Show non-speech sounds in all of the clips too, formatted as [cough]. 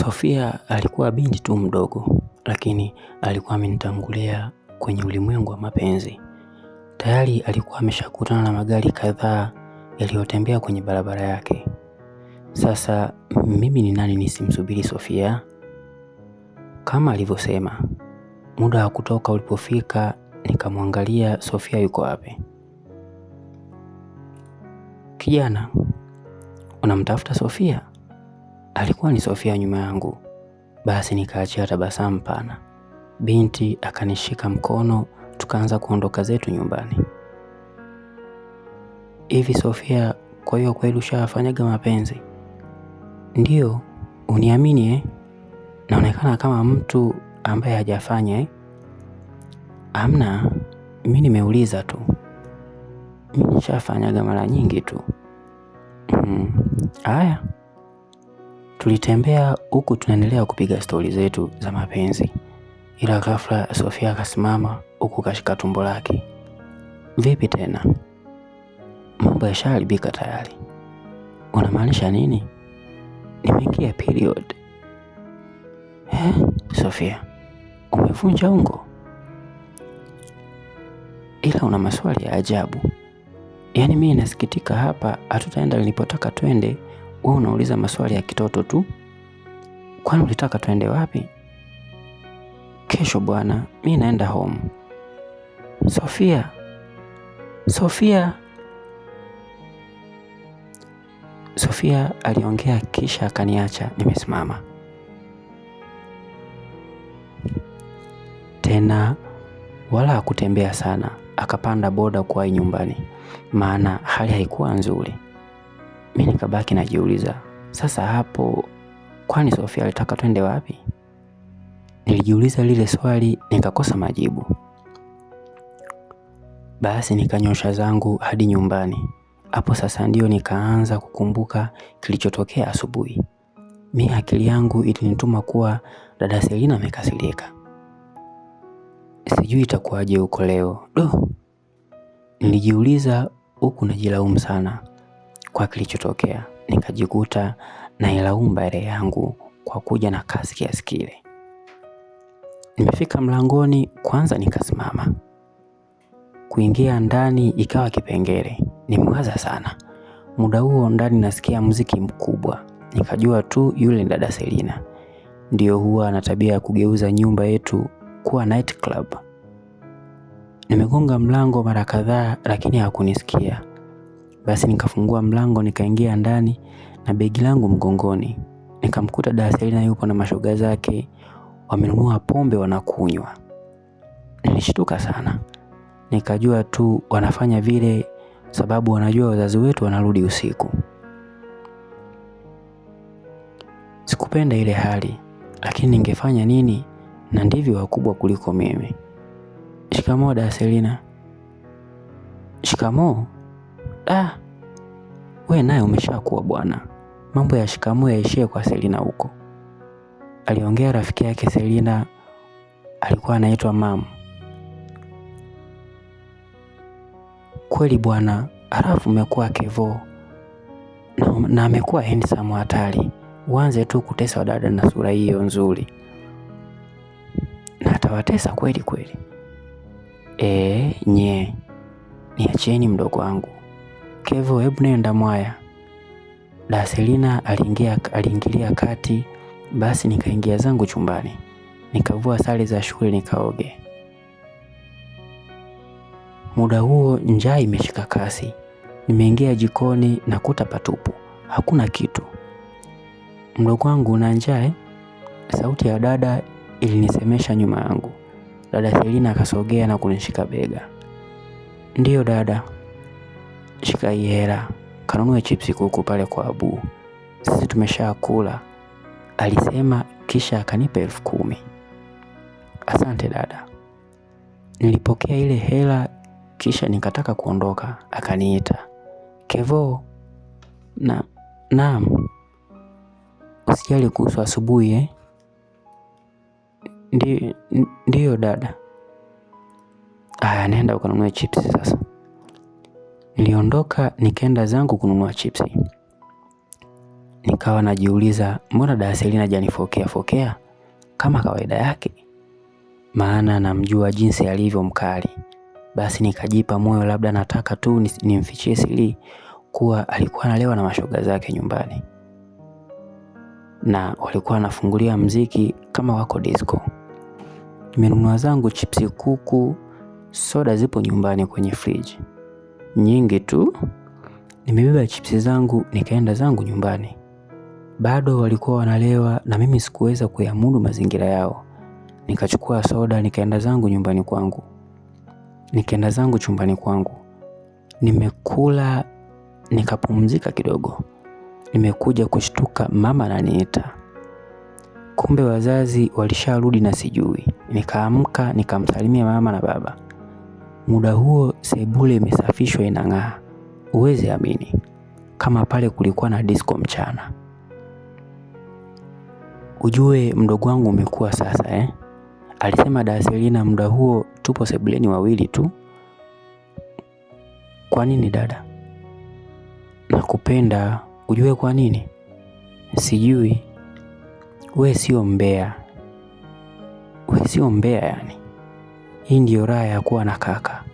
Sofia alikuwa binti tu mdogo, lakini alikuwa amenitangulia kwenye ulimwengu wa mapenzi. Tayari alikuwa ameshakutana na magari kadhaa yaliyotembea kwenye barabara yake. Sasa mimi ni nani nisimsubiri Sofia? Kama alivyosema, muda wa kutoka ulipofika, nikamwangalia Sofia yuko wapi. Kijana, unamtafuta Sofia? Alikuwa ni Sofia nyuma yangu, basi nikaachia tabasamu pana. Binti akanishika mkono, tukaanza kuondoka zetu nyumbani. Hivi Sofia, kwa hiyo kweli ushafanyaga mapenzi? ndio uniamini eh? Naonekana kama mtu ambaye hajafanya eh? Amna, mi nimeuliza tu, mi nishafanyaga mara nyingi tu. Mm-hmm. Haya, Tulitembea huku tunaendelea kupiga stori zetu za mapenzi, ila ghafla Sofia akasimama huku kashika tumbo lake. Vipi tena, mambo yashaharibika tayari? Unamaanisha nini? Nimeingia period. Eh, Sofia umevunja ungo, ila una maswali ya ajabu. Yaani mimi nasikitika hapa, hatutaenda nilipotaka twende wewe unauliza maswali ya kitoto tu. Kwani ulitaka tuende wapi? Kesho bwana, mi naenda home. Sofia, Sofia, Sofia aliongea kisha akaniacha nimesimama. Tena wala hakutembea sana, akapanda boda kuwahi nyumbani, maana hali haikuwa nzuri. Mi nikabaki najiuliza, sasa hapo kwani Sofia alitaka twende wapi? Nilijiuliza lile swali nikakosa majibu. Basi nikanyosha zangu hadi nyumbani. Hapo sasa ndio nikaanza kukumbuka kilichotokea asubuhi. Mi akili yangu ilinituma kuwa dada Selina amekasirika, sijui itakuwaje huko leo do, nilijiuliza huku najilaumu sana kwa kilichotokea, nikajikuta nailaumu bare yangu kwa kuja na kasi kiasi kile. Nimefika mlangoni kwanza, nikasimama kuingia ndani, ikawa kipengele. Nimewaza sana muda huo, ndani nasikia muziki mkubwa, nikajua tu yule dada Selina ndiyo huwa ana tabia ya kugeuza nyumba yetu kuwa night club. Nimegonga mlango mara kadhaa, lakini hakunisikia. Basi nikafungua mlango nikaingia ndani na begi langu mgongoni. Nikamkuta Daselina yupo na mashoga zake wamenunua pombe wanakunywa. Nilishtuka sana, nikajua tu wanafanya vile sababu wanajua wazazi wetu wanarudi usiku. Sikupenda ile hali, lakini ningefanya nini? Na ndivyo wakubwa kuliko mimi. Shikamoo Daselina. Shikamoo ah, we naye umeshakuwa bwana, mambo ya shikamoo yaishie kwa Selina huko, aliongea rafiki yake. Selina alikuwa anaitwa Mamu. Kweli bwana, halafu umekuwa kevo na, um, na amekuwa handsome hatari. Uanze tu kutesa wadada na sura hiyo nzuri, na atawatesa kweli kweli. E, nye niacheni mdogo wangu Kevo, hebu nenda mwaya. Da Selina aliingia, aliingilia kati. Basi nikaingia zangu chumbani, nikavua sare za shule, nikaoge. Muda huo njaa imeshika kasi. Nimeingia jikoni kuta patupu, hakuna kitu. Mdogo wangu una njaa? Eh? Sauti ya dada ilinisemesha nyuma yangu. Dada Selina akasogea na kunishika bega. Ndiyo dada, shika hii hela kanunue chipsi kuku pale kwa Abu, sisi tumeshakula, alisema kisha akanipa elfu kumi. Asante dada. Nilipokea ile hela kisha nikataka kuondoka, akaniita Kevo. Na naam, usijali kuhusu asubuhi eh? Ndiyo, ndiyo dada. Aya, nenda ukanunue chipsi sasa. Niliondoka nikaenda zangu kununua chipsi Nikawa najiuliza mbona dada Selina hajanifokea fokea kama kawaida yake Maana namjua jinsi alivyo mkali Basi nikajipa moyo labda nataka tu nimfichie siri kuwa alikuwa analewa na mashoga zake nyumbani na walikuwa wanafungulia mziki kama wako disco Nimenunua zangu chipsi kuku, soda zipo nyumbani kwenye fridge nyingi tu. Nimebeba chipsi zangu nikaenda zangu nyumbani. Bado walikuwa wanalewa na mimi sikuweza kuyamudu mazingira yao. Nikachukua soda nikaenda zangu nyumbani kwangu. Nikaenda zangu chumbani kwangu. Nimekula nikapumzika kidogo. Nimekuja kushtuka mama ananiita. Kumbe wazazi walisharudi na sijui. Nikaamka nikamsalimia mama na baba. Muda huo sebule imesafishwa inang'aa, uweze amini kama pale kulikuwa na disco mchana. Ujue mdogo wangu umekuwa sasa eh? Alisema Daselina. Muda huo tupo sebuleni wawili tu. Kwa nini dada? Nakupenda. Ujue kwa nini? Sijui. We sio mbea, we sio mbea yani. Hii ndiyo raha ya kuwa na kaka.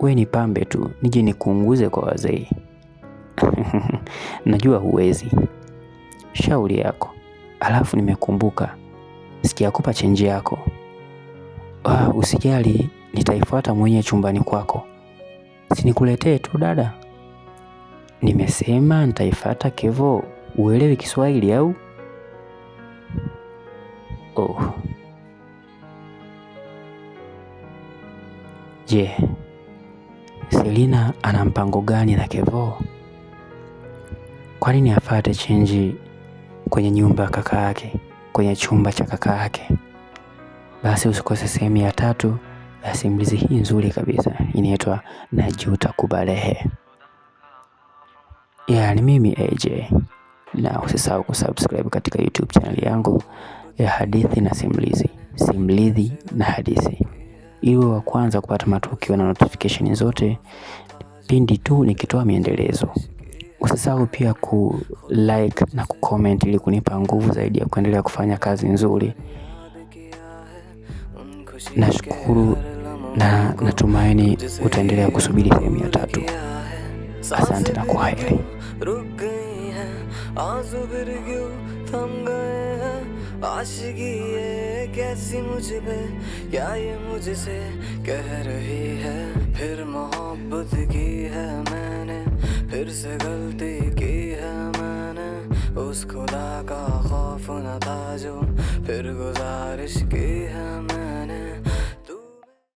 We ni pambe tu, nije nikuunguze kwa wazee. [laughs] Najua huwezi, shauri yako. Alafu nimekumbuka, sijakupa chenji yako. Ah, usijali, nitaifuata mwenye chumbani kwako. Sinikuletee tu dada? Nimesema nitaifuata Kevo. Uelewi Kiswahili au? Oh. Je, Selina ana mpango gani na Kevo? Kwa nini afate chenji kwenye nyumba ya kaka yake, kwenye chumba cha kaka yake? Basi usikose sehemu ya tatu ya simulizi hii nzuri kabisa, inaitwa Najuta Kubalehe. Ya, ni mimi AJ, na usisahau kusubscribe katika YouTube channel yangu ya hadithi na simulizi, simulizi na hadithi iwe wa kwanza kupata matukio na notification zote pindi tu nikitoa miendelezo. Usisahau pia ku like na ku comment ili kunipa nguvu zaidi ya kuendelea kufanya kazi nzuri. Nashukuru na natumaini utaendelea kusubiri sehemu ya tatu. Asante na kwaheri. आशगी ये कैसी मुझ पे क्या ये मुझसे कह रही है फिर मोहब्बत की है मैंने फिर से गलती की है मैंने उस खुदा का खौफ न था जो फिर गुजारिश की है